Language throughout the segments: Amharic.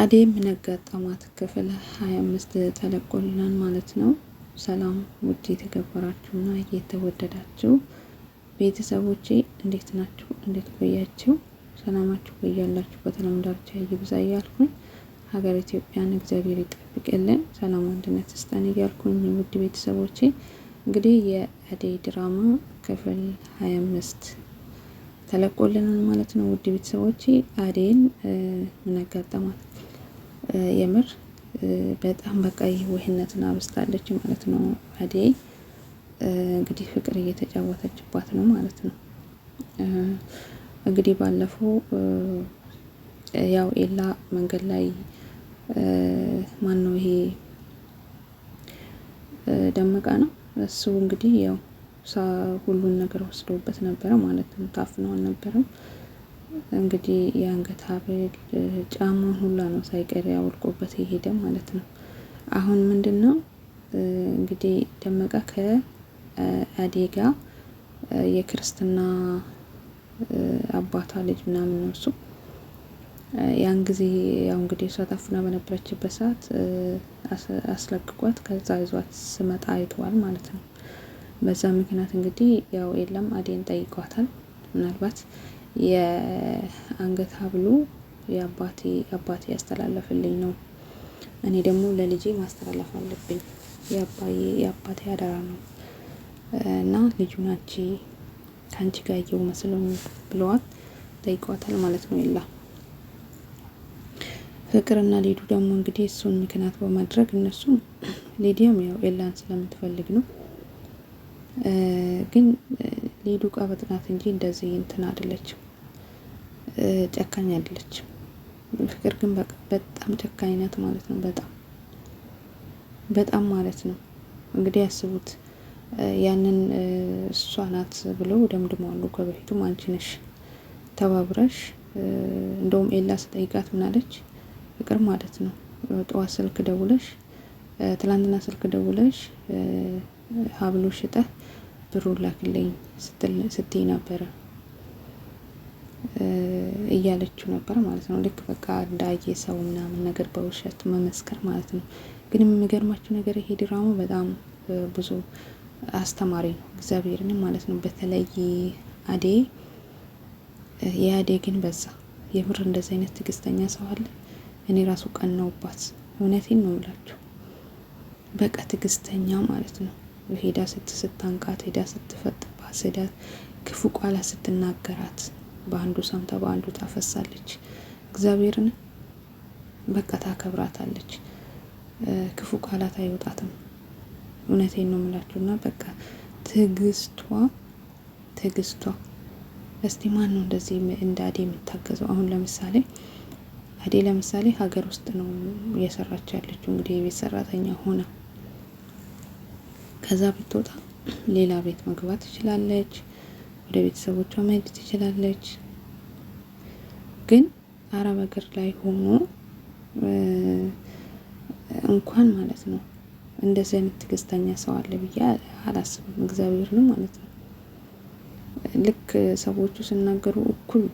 አዴ ምን አጋጠማት ክፍል ሀያ ተለቆልናል ማለት ነው። ሰላም ውድ የተከበራችሁና የተወደዳችሁ ቤተሰቦቼ እንዴት ናችሁ? እንዴት ቆያችሁ? ሰላማችሁ ቆያላችሁ። በተለም ዳርቻ ይብዛ እያልኩኝ ሀገር ኢትዮጵያን እግዚአብሔር ይጠብቅልን፣ ሰላም አንድነት ስጠን እያልኩኝ ውድ ቤተሰቦቼ እንግዲህ የአዴ ድራማ ክፍል 25 ተለቆልናል ማለት ነው። ውድ ቤተሰቦቼ አዴን ምን አጋጠማት የምር በጣም በቃ የዋህነትን አብስታለች ማለት ነው። አደይ እንግዲህ ፍቅር እየተጫወተችባት ነው ማለት ነው። እንግዲህ ባለፈው ያው ኤላ መንገድ ላይ ማን ነው ይሄ ደመቃ ነው እሱ እንግዲህ ያው ሁሉን ነገር ወስዶበት ነበረ ማለት ነው። ታፍኖ አልነበረም። እንግዲህ የአንገት ሀብል ጫማውን ሁላ ነው ሳይቀር ያወልቁበት የሄደ ማለት ነው። አሁን ምንድን ነው እንግዲህ ደመቀ ከአዴ ጋ የክርስትና አባቷ ልጅ ምናምን እርሱ ያን ጊዜ ያው እንግዲህ እሷ ታፍና በነበረችበት ሰዓት አስለቅቋት ከዛ ይዟት ስመጣ አይተዋል ማለት ነው። በዛ ምክንያት እንግዲህ ያው የለም አዴን ጠይቋታል ምናልባት የአንገት ሀብሉ የአባቴ አባቴ ያስተላለፍልኝ ነው። እኔ ደግሞ ለልጄ ማስተላለፍ አለብኝ። የአባቴ አደራ ነው እና ልጁ ናቺ ከአንቺ ጋር የው መስሎኝ ብለዋት ጠይቋታል ማለት ነው። የላ ፍቅርና ሊዱ ደግሞ እንግዲህ እሱን ምክንያት በማድረግ እነሱም ሊዲያም ያው ኤላን ስለምትፈልግ ነው። ግን ሊዱ ቃ በጥናት እንጂ እንደዚህ እንትን አይደለችም። ጨካኝ አይደለችም። ፍቅር ግን በቃ በጣም ጨካኝ ናት ማለት ነው። በጣም በጣም ማለት ነው። እንግዲህ ያስቡት ያንን እሷ ናት ብለው ደምድመዋሉ። ከበፊቱም አንቺ ነሽ ተባብረሽ እንደውም ኤላ ስጠይቃት ምናለች ፍቅር ማለት ነው። ጠዋት ስልክ ደውለሽ ትላንትና ስልክ ደውለሽ ሀብሎ ሽጠህ ብሩ ላክልኝ ስትይ ነበረ። እያለችው ነበር ማለት ነው። ልክ በቃ እንዳየ ሰው ምናምን ነገር በውሸት መመስከር ማለት ነው። ግን የሚገርማችሁ ነገር ይሄ ድራማ በጣም ብዙ አስተማሪ ነው። እግዚአብሔርን ማለት ነው። በተለይ አዴ የአዴ ግን በዛ የምር እንደዚህ አይነት ትዕግስተኛ ሰው አለ። እኔ ራሱ ቀናውባት እውነቴን ነው ብላችሁ በቃ ትዕግስተኛ ማለት ነው። ሄዳ ስትስታንቃት ሄዳ ስትፈጥባት ሄዳ ክፉ ቋላ ስትናገራት በአንዱ ሰምታ በአንዱ ታፈሳለች። እግዚአብሔርን በቃ ታከብራታለች። ክፉ ቃላት አይወጣትም። እውነቴን ነው የምላችሁና በቃ ትግስቷ ትግስቷ እስቲ ማን ነው እንደዚህ እንደ አዴ የምታገዘው? አሁን ለምሳሌ አዴ ለምሳሌ ሀገር ውስጥ ነው እየሰራች ያለችው እንግዲህ የቤት ሰራተኛ ሆነ ከዛ ብትወጣ ሌላ ቤት መግባት ትችላለች። ወደ ቤተሰቦቿ መሄድ ትችላለች። ግን አረብ ሀገር ላይ ሆኖ እንኳን ማለት ነው እንደዚህ አይነት ትዕግስተኛ ሰው አለ ብዬ አላስብም። እግዚአብሔር ነው ማለት ነው። ልክ ሰዎቹ ሲናገሩ እኩል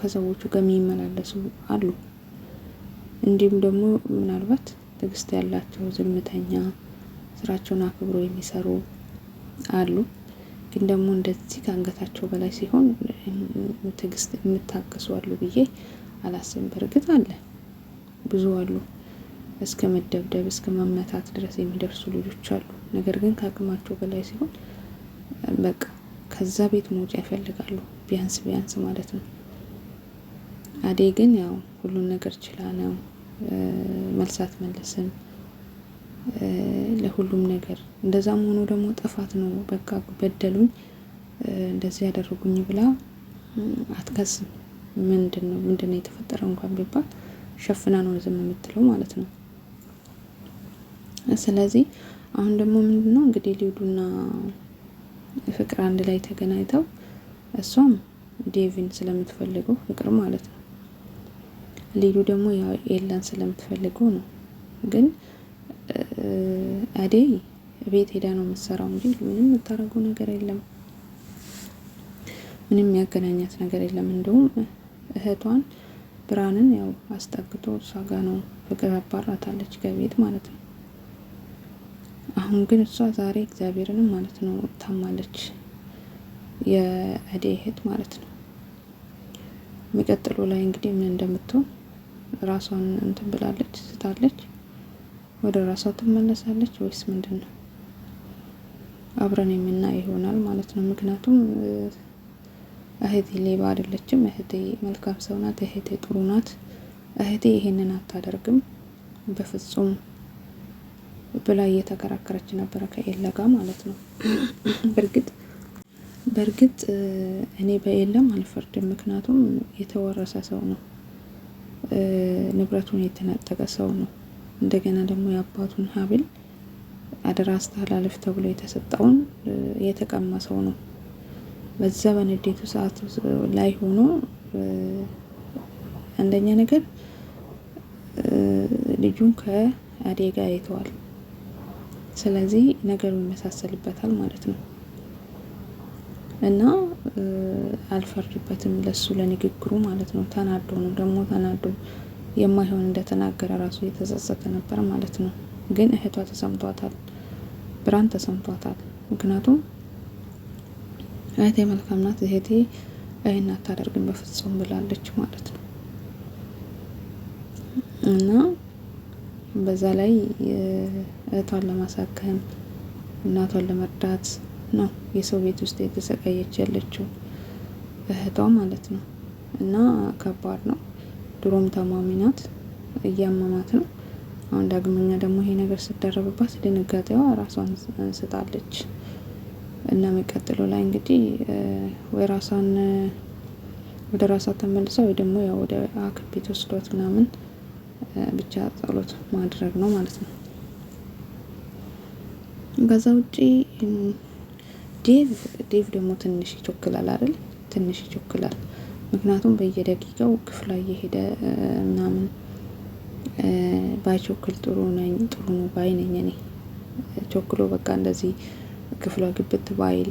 ከሰዎቹ ጋር የሚመላለሱ አሉ። እንዲሁም ደግሞ ምናልባት ትግስት ያላቸው ዝምተኛ፣ ስራቸውን አክብሮ የሚሰሩ አሉ። ግን ደግሞ እንደዚህ ከአንገታቸው በላይ ሲሆን ትዕግስት የምታገሱ አሉ ብዬ አላስብም። በእርግጥ አለ ብዙ አሉ፣ እስከ መደብደብ እስከ መመታት ድረስ የሚደርሱ ልጆች አሉ። ነገር ግን ከአቅማቸው በላይ ሲሆን በቃ ከዛ ቤት መውጫ ይፈልጋሉ፣ ቢያንስ ቢያንስ ማለት ነው። አዴ ግን ያው ሁሉን ነገር ችላ ነው መልሳት መለስም ለሁሉም ነገር እንደዛም ሆኖ ደግሞ ጥፋት ነው በቃ በደሉኝ እንደዚህ ያደረጉኝ ብላ አትከስም። ምንድን ነው ምንድን ነው የተፈጠረው እንኳን ቢባል ሸፍና ነው ዝም የምትለው ማለት ነው። ስለዚህ አሁን ደግሞ ምንድን ነው እንግዲህ ሊዱና ፍቅር አንድ ላይ ተገናኝተው እሷም ዴቪን ስለምትፈልገው ፍቅር ማለት ነው። ሊዱ ደግሞ ኤላን ስለምትፈልገው ነው ግን አደይ ቤት ሄዳ ነው የምትሰራው እንጂ ምንም የምታደርገው ነገር የለም። ምንም የሚያገናኛት ነገር የለም። እንዲሁም እህቷን ብርሃንን ያው አስጠግቶ እሷ ጋ ነው ፍቅር አባራታለች ከቤት ማለት ነው። አሁን ግን እሷ ዛሬ እግዚአብሔርንም ማለት ነው ታማለች፣ የአደይ እህት ማለት ነው። የሚቀጥሉ ላይ እንግዲህ ምን እንደምትሆን ራሷን እንትን ብላለች ስታለች ወደ ራሷ ትመለሳለች ወይስ ምንድን ነው? አብረን የምናይ ይሆናል ማለት ነው። ምክንያቱም እህቴ ሌባ አይደለችም፣ እህቴ መልካም ሰው ናት፣ እህቴ ጥሩ ናት፣ እህቴ ይሄንን አታደርግም በፍጹም ብላ እየተከራከረች ነበረ ከኤላ ጋር ማለት ነው። በእርግጥ በእርግጥ እኔ በኤላም አልፈርድም፣ ምክንያቱም የተወረሰ ሰው ነው፣ ንብረቱን የተነጠቀ ሰው ነው። እንደገና ደግሞ የአባቱን ሀብል አደራ አስተላለፍ ተብሎ የተሰጠውን የተቀመሰው ነው። በዛ በንዴቱ ሰዓት ላይ ሆኖ አንደኛ ነገር ልጁን ከአዴ ጋር ይተዋል። ስለዚህ ነገሩ ይመሳሰልበታል ማለት ነው እና አልፈርድበትም ለሱ ለንግግሩ ማለት ነው። ተናዶ ነው ደግሞ ተናዶ የማይሆን እንደተናገረ ራሱ የተጸጸተ ነበር ማለት ነው። ግን እህቷ ተሰምቷታል፣ ብራን ተሰምቷታል። ምክንያቱም እህቴ መልካም ናት፣ እህቴ ይህን አታደርግም በፍጹም ብላለች ማለት ነው እና በዛ ላይ እህቷን ለማሳከም እናቷን ለመርዳት ነው የሰው ቤት ውስጥ የተሰቃየች ያለችው እህቷ ማለት ነው። እና ከባድ ነው። ድሮም ታማሚ ናት፣ እያመማት ነው። አሁን ዳግመኛ ደግሞ ይሄ ነገር ስደረብባት ድንጋጤዋ ራሷን ስጣለች እና የሚቀጥለው ላይ እንግዲህ ወይ ራሷን ወደ ራሷ ተመልሳ ወይ ደግሞ ያው ወደ ሐኪም ቤት ወስዷት ምናምን ብቻ ጸሎት ማድረግ ነው ማለት ነው። ከዛ ውጪ ዴቭ ዴቭ ደግሞ ትንሽ ይቾክላል አይደል? ትንሽ ይቾክላል። ምክንያቱም በየደቂቃው ክፍላ እየሄደ ምናምን ባይቾክል ጥሩ ነኝ ጥሩ ነው ባይ ነኝ እኔ። ቾክሎ በቃ እንደዚህ ክፍሏ ግብት ባይል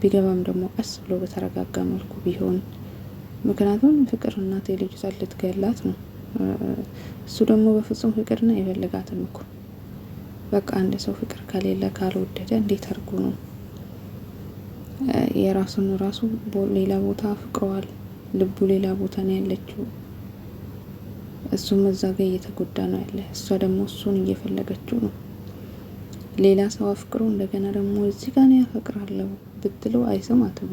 ቢገባም ደግሞ ቀስ ብሎ በተረጋጋ መልኩ ቢሆን ምክንያቱም ፍቅር እናት የልጅ ልትገላት ነው። እሱ ደግሞ በፍጹም ፍቅርና የፈልጋትም እኮ በቃ አንድ ሰው ፍቅር ከሌለ ካልወደደ እንዴት አድርጎ ነው የራሱን ራሱ ሌላ ቦታ አፍቅረዋል። ልቡ ሌላ ቦታ ነው ያለችው። እሱም እዛ ጋ እየተጎዳ ነው ያለ። እሷ ደግሞ እሱን እየፈለገችው ነው። ሌላ ሰው አፍቅሮ እንደገና ደግሞ እዚህ ጋር ነው ያፈቅራለሁ ብትለው አይሰማትም።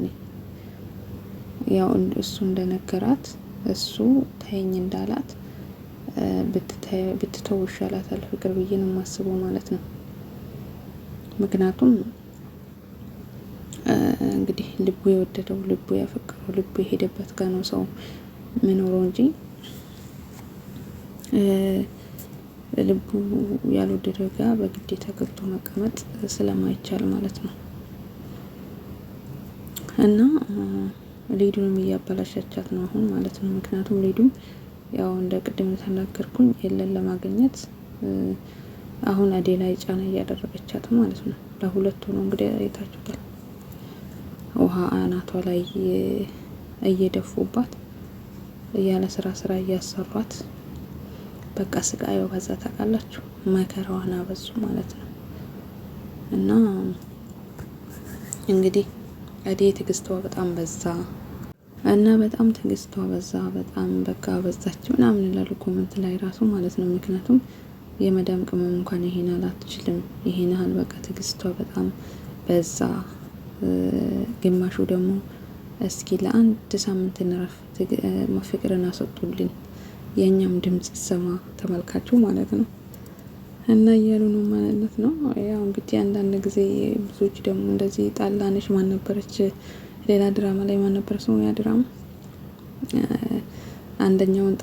ያው እሱ እንደነገራት እሱ ታይኝ እንዳላት ብትተው ይሻላታል ፍቅር ብዬ ነው የማስበው ማለት ነው። ምክንያቱም እንግዲህ ልቡ የወደደው ልቡ ያፈቀረው ልቡ የሄደበት ጋ ነው ሰው ምኖረው እንጂ ልቡ ያልወደደው ጋ በግዴታ ገብቶ መቀመጥ ስለማይቻል ማለት ነው። እና ሌዱንም እያበላሻቻት ነው አሁን ማለት ነው። ምክንያቱም ሌዱም ያው እንደ ቅድም የተናገርኩኝ የለን ለማግኘት አሁን አዴ ላይ ጫና እያደረገቻት ማለት ነው። ለሁለቱ ሆኖ እንግዲህ አይታችሁታል። ውሃ አናቷ ላይ እየደፉባት ያለ ስራ ስራ እያሰሯት በቃ ስቃዩ በዛ። ታውቃላችሁ መከራዋን አበዙ ማለት ነው። እና እንግዲህ እዴ ትግስቷ በጣም በዛ እና በጣም ትግስቷ በዛ በጣም በቃ በዛች ምናምን ይላሉ ኮመንት ላይ ራሱ ማለት ነው። ምክንያቱም የመዳም ቅመም እንኳን ይሄን አላትችልም ይሄን ያህል በቃ ትግስቷ በጣም በዛ ግማሹ ደግሞ እስኪ ለአንድ ሳምንት እንረፍ፣ ፍቅርን አሰጡልን፣ የእኛም ድምፅ ሰማ ተመልካቹ ማለት ነው እና እያሉ ነው ማለት ነው። ያው እንግዲህ አንዳንድ ጊዜ ብዙዎች ደግሞ እንደዚህ ጣላነሽ ማን ነበረች፣ ሌላ ድራማ ላይ ማን ነበረች ያ ድራማ አንደኛውን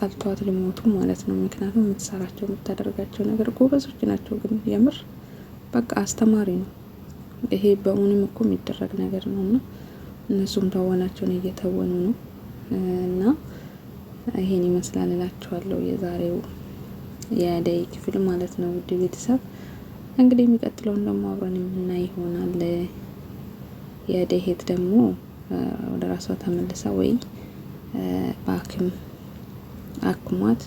ጠልተዋት ሊሞቱ ማለት ነው። ምክንያቱም የምትሰራቸው የምታደርጋቸው ነገር ጎበዞች ናቸው፣ ግን የምር በቃ አስተማሪ ነው። ይሄ በሙንም እኮ የሚደረግ ነገር ነው እና እነሱም ተወናቸውን እየተወኑ ነው እና ይሄን ይመስላል እላችኋለሁ የዛሬው የአደይ ክፍል ማለት ነው። ውድ ቤተሰብ እንግዲህ የሚቀጥለውን ደግሞ አብረን የምናይ ይሆናል። የአደይ እህት ደግሞ ወደ ራሷ ተመልሳ ወይ በአክም አክሟት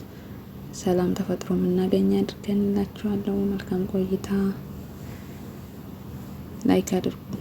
ሰላም ተፈጥሮ የምናገኝ አድርገን እላችኋለሁ። መልካም ቆይታ ላይክ አድርጉ።